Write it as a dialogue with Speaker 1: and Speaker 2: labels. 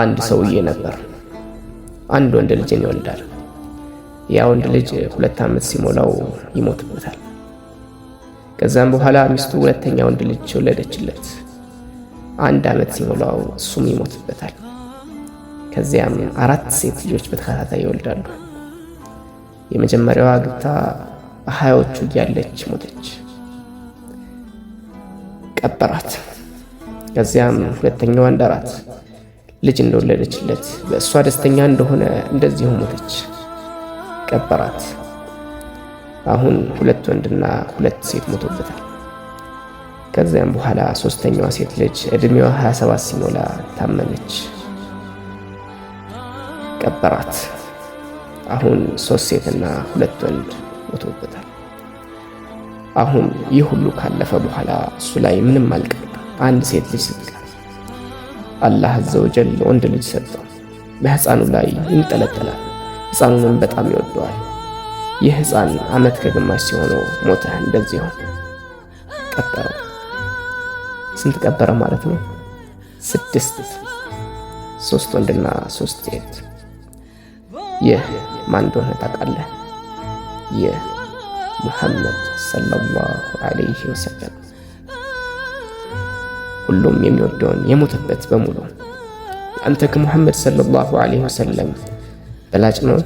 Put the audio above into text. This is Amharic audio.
Speaker 1: አንድ ሰውዬ ነበር። አንድ ወንድ ልጅን ይወልዳል። ያ ወንድ ልጅ ሁለት ዓመት ሲሞላው ይሞትበታል። ከዛም በኋላ ሚስቱ ሁለተኛ ወንድ ልጅ ወለደችለት። አንድ ዓመት ሲሞላው እሱም ይሞትበታል። ከዚያም አራት ሴት ልጆች በተከታታይ ይወልዳሉ። የመጀመሪያዋ አግብታ በሀያዎቹ እያለች ሞተች፣ ቀበራት። ከዚያም ሁለተኛዋ አንድ አራት ልጅ እንደወለደችለት በእሷ ደስተኛ እንደሆነ እንደዚሁ ሞተች፣ ቀበራት። አሁን ሁለት ወንድና ሁለት ሴት ሞቶበታል። ከዚያም በኋላ ሶስተኛዋ ሴት ልጅ ዕድሜዋ 27 ሲሞላ ታመመች፣ ቀበራት። አሁን ሶስት ሴትና ሁለት ወንድ ሞቶበታል። አሁን ይህ ሁሉ ካለፈ በኋላ እሱ ላይ ምንም አልቀርም። አንድ ሴት ልጅ አላህ አዘወጀል ወንድ ልጅ ሰጠው። በሕፃኑ ላይ ይንጠለጠላል። ሕፃኑንም በጣም ይወደዋል። ይህ ሕፃን ዓመት ከግማሽ ሲሆነው ሞተ። እንደዚህ ሆነ ቀበረው። ስንት ቀበረ ማለት ነው? ስድስት፣ ሶስት ወንድና ሶስት ሴት። ይህ ማን እንደሆነ ታውቃለህ? ይህ ሙሐመድ ሰለላሁ ዐለይሂ ወሰለም ሁሉም የሚወደውን የሞተበት በሙሉ አንተ ከሙሐመድ ሰለላሁ ዐለይሂ ወሰለም በላጭ ነው።